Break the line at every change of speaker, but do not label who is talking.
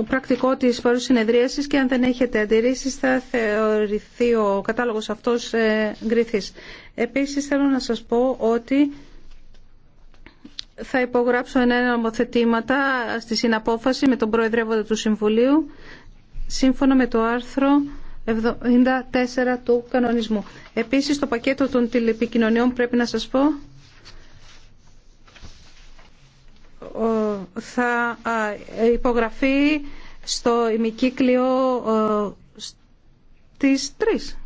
πρακτικό τη παρούς συνεδρίασης και αν δεν έχετε αντιρρήσει θα θεωρηθεί ο κατάλογος αυτός ε, γκριθής. Επίσης θέλω να σας πω ότι θα υπογράψω ένα νομοθετήματα στη συναπόφαση με τον Προεδρεύοντα του Συμβουλίου σύμφωνα με το άρθρο 74 του κανονισμού. Επίσης το πακέτο των τηλεπικοινωνιών πρέπει να σας πω θα υπογραφεί στο ημικύκλιο ε, στις 3.